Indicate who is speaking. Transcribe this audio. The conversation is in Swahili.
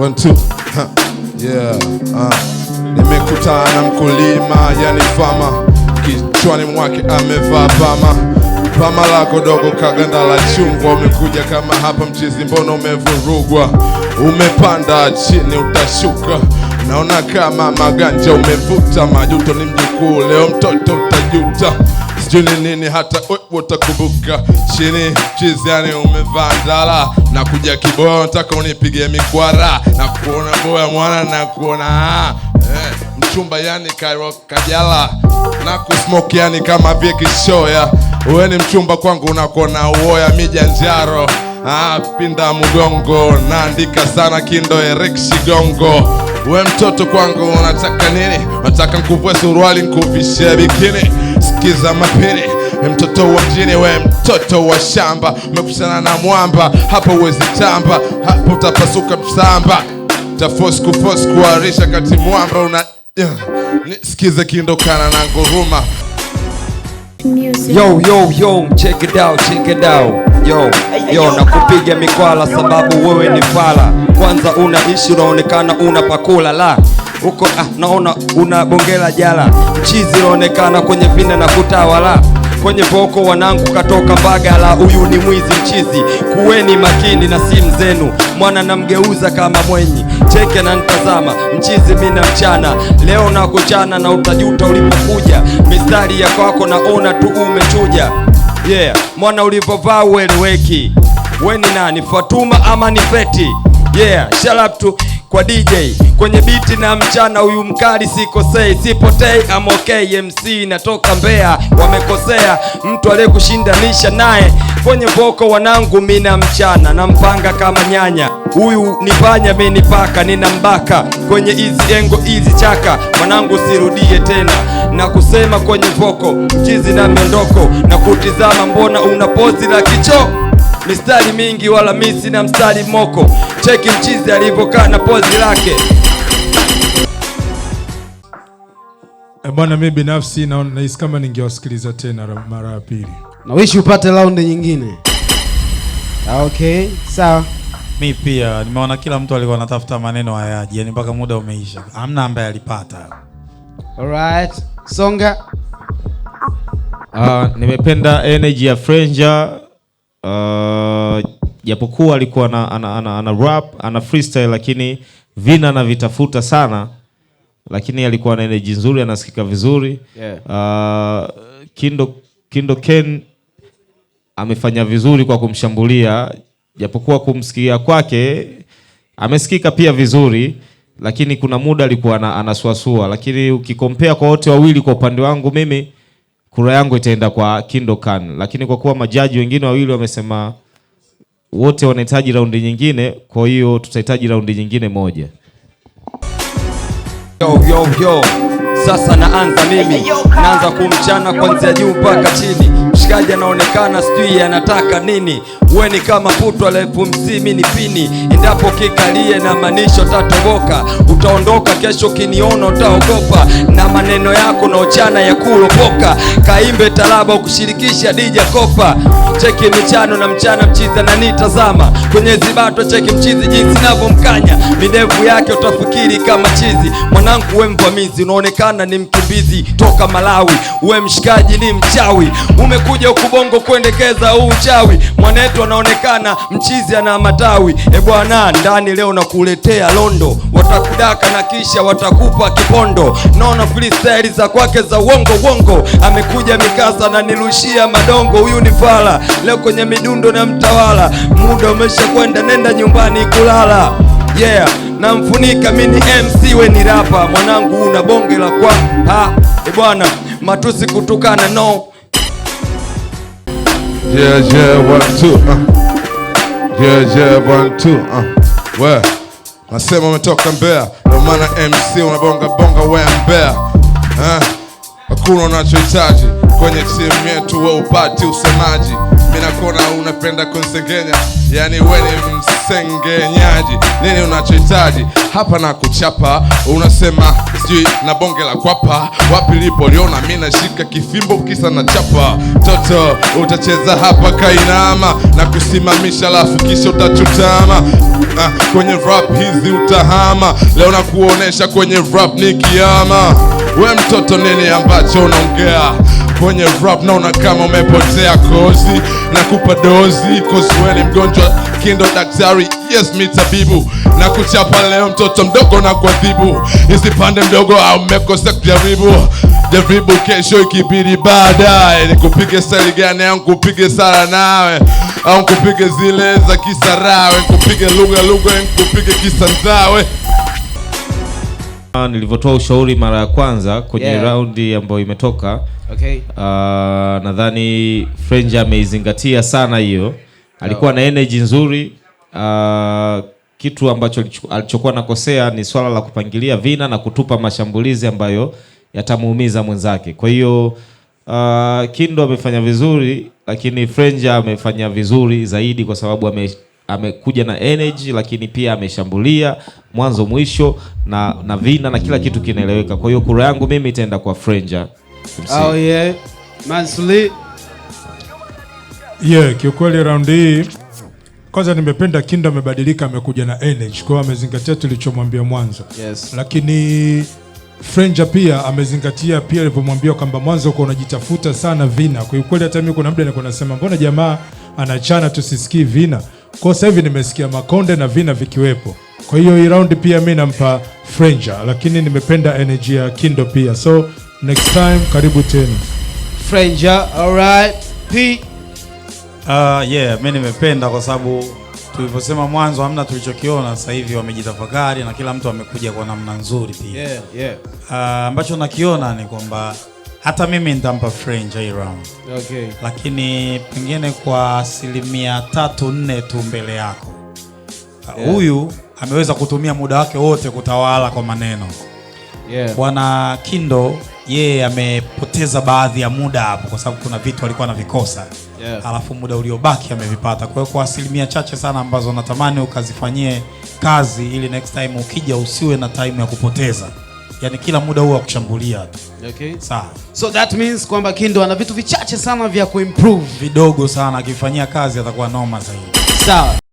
Speaker 1: One, two. Yeah. Uh. Nimekuta na mkulima, yani fama, kichwani mwake amevaa pama pama lako dogo kaganda la chungwa. Umekuja kama hapa mchizi, mbona umevurugwa? Umepanda chini utashuka, naona kama maganja umevuta. Majuto ni mjukuu, leo mtoto utajuta sijui nini, hata wewe utakumbuka. Chini mchizi, yani umevaa ndala nakuja Kiboya, nataka unipige mikwara na kuona boya mwana na kuona ah, eh, mchumba yani kajala na kusmoke yani kama vile kishoya. Wewe ni mchumba kwangu, unakuona uoya mijanjaro njaro Ah, pinda mgongo naandika sana kindo Eric Shigongo. We mtoto kwangu unataka nini? Unataka nkuvue suruali nkuvishe bikini? Sikiza mapini mtoto wa mjini, we mtoto wa shamba, umekutana na mwamba, hapo uwezi tamba, hapo utapasuka msamba, tafosku fosku kati mwamba una eh, nisikize kindokana na nguruma
Speaker 2: Yo, yo, yo, check it out, check it out. Yo, yo, na mikwala sababu wewe ni fala. Kwanza unaishi unaonekana una pakula la huko ah, naona unabongela jala mchizi unaonekana kwenye vina na kutawala kwenye voko wanangu katoka baga la huyu ni mwizi mchizi. Kuweni makini na simu zenu, mwana namgeuza kama mwenyi cheke na ntazama mchizi mina mchana leo na kuchana na utajuta ulipokuja mistari ya kwako naona tu umechuja. Yeah, mwana ulipovaa ueleweki, weni nani Fatuma ama ni Feti? Yeah, shut up tu kwa DJ kwenye biti na mchana, huyu mkali sikosei, sipotei I'm okay. MC natoka Mbeya, wamekosea mtu aliyekushindanisha naye kwenye voko. Wanangu mina mchana na mpanga kama nyanya, huyu ni panya, mimi ni paka, mbaka kwenye hizi engo hizi chaka. Mwanangu sirudie tena na kusema kwenye voko, chizi na miondoko na kutizama, mbona una pozi la kicho mistari mingi, wala misi na mstari moko. Cheki mchizi alivyokaa na pozi lake.
Speaker 3: Eh, bwana, mimi binafsi nahisi kama ningewasikiliza tena mara ya pili.
Speaker 4: Nawishi upate raundi nyingine. Ah, okay, sawa.
Speaker 5: Mi pia nimeona kila mtu alikuwa anatafuta maneno hayaji, yani mpaka muda umeisha, hamna ambaye alipata.
Speaker 4: Alright, songa.
Speaker 5: Uh, nimependa energy ya Frenja uh, japokuwa alikuwa ana, ana, ana, ana rap ana freestyle, lakini vina na vitafuta sana, lakini alikuwa na energy nzuri, anasikika vizuri yeah. uh, Kindo, Kindo Ken amefanya vizuri kwa kumshambulia, japokuwa kumsikia kwake amesikika pia vizuri, lakini kuna muda alikuwa anasuasua, lakini ukikompea kwa wote wawili, kwa upande wangu mimi kura yangu itaenda kwa Kindo Kan, lakini kwa kuwa majaji wengine wawili wamesema wote wanahitaji raundi nyingine, kwa hiyo tutahitaji raundi nyingine moja.
Speaker 1: Yo, yo, yo. Sasa naanza mimi, naanza kumchana kuanzia juu mpaka chini mchungaji anaonekana sijui anataka nini. Weni kama putwa la elfu ni pini, endapo kikalie na manisho tatoboka. Utaondoka kesho, kiniona utaogopa, na maneno yako na ochana ya kuropoka. Kaimbe talaba ukushirikisha dija kopa, cheki michano na mchana mchizi nitazama kwenye zibato, cheki mchizi jinsi navyomkanya, midevu yake utafikiri kama chizi. Mwanangu we mvamizi, unaonekana ni mki mkabidhi toka Malawi. We mshikaji ni mchawi, umekuja ukubongo kuendekeza huu uchawi. Mwanetu anaonekana mchizi, ana matawi. E bwana, ndani leo nakuletea londo, watakudaka na kisha watakupa kipondo. Naona freestyle za kwake za uongo uongo, amekuja mikasa na nilushia madongo. Huyu ni fala leo kwenye midundo na mtawala, muda umesha kwenda, nenda nyumbani kulala. Yeah namfunika mimi ni MC, we ni rapa mwanangu, una bonge la kwa ha e bwana, matusi kutukana no yeah, yeah, one, two, uh. yeah, yeah, one, two, uh. we nasema umetoka mbea ndio MC unabonga bonga we mbea eh hakuna unachohitaji kwenye timu yetu, we upati usemaji. minakona unapenda kunsengenya, yani we ni msengenyaji. Nini unachohitaji hapa na kuchapa? Unasema sijui na bonge la kwapa, wapi lipo liona? Mimi nashika kifimbo kisa na chapa. Toto utacheza hapa, kainama na kusimamisha, lafu kisha utachutama ah, kwenye rap hizi utahama. Leo nakuonesha kwenye rap ni kiama We mtoto, nini ambacho unaongea kwenye rap? Naona kama umepotea kozi, nakupa dozi kozi, weni mgonjwa kindo daktari, yes mi tabibu, na kuchapa leo mtoto mdogo na kuadhibu. pande mdogo au mmekosa kujaribu, jaribu kesho ikibidi baadaye. Nikupige staili gani au nikupige sala nawe au nikupige zile za kisarawe, nikupige lugha lugha, nikupige kisanzawe
Speaker 5: Ah, nilivyotoa ushauri mara ya kwanza kwenye yeah, raundi ambayo imetoka okay. Uh, nadhani Frenja ameizingatia sana hiyo, alikuwa na energy nzuri uh, kitu ambacho alichokuwa nakosea ni swala la kupangilia vina na kutupa mashambulizi ambayo yatamuumiza mwenzake. Kwa hiyo uh, Kindo amefanya vizuri, lakini Frenja amefanya vizuri zaidi kwa sababu ame amekuja na energy, lakini pia ameshambulia mwanzo mwisho na, na vina na kila kitu kinaeleweka. Kwa hiyo kura yangu mimi itaenda kwa Frenja.
Speaker 4: Oh yeah. Mansli.
Speaker 3: Yeah, kiukweli round hii kwanza nimependa Kinda amebadilika, amekuja na energy. Kwa hiyo amezingatia tulichomwambia mwanzo. Yes. Lakini Frenja pia amezingatia pia alivyomwambia kwamba mwanzo uko unajitafuta sana vina. Kwa hiyo kweli hata mimi kuna muda nilikuwa nasema mbona jamaa anachana tusisikii vina. Kwa sasa hivi nimesikia Makonde na Vina vikiwepo, kwa hiyo hii round pia mi nampa Frenja, lakini nimependa energy ya Kindo pia, so next time karibu tena
Speaker 4: Frenja. right. P.
Speaker 5: Uh, yeah, mi nimependa kwa sababu tulivyosema mwanzo hamna tulichokiona. Sasa hivi wamejitafakari na kila mtu amekuja kwa namna nzuri pia, ambacho yeah, yeah. Uh, nakiona ni kwamba hata mimi nitampa hii round. Okay. Lakini pengine kwa asilimia tatu nne tu mbele yako uh, huyu yeah. Ameweza kutumia muda wake wote kutawala kwa maneno yeah. Bwana Kindo yeye amepoteza baadhi ya muda hapo, kwa sababu kuna vitu alikuwa anavikosa yeah. Alafu muda uliobaki amevipata. Kwa hiyo kwa asilimia chache sana ambazo natamani ukazifanyie kazi, ili next time ukija usiwe na time ya kupoteza yani kila muda huwa kushambulia tu. Okay.
Speaker 4: Sawa. So that means kwamba Kindo ana vitu vichache sana vya kuimprove.
Speaker 5: Vidogo sana akifanyia kazi atakuwa noma zaidi. Sawa.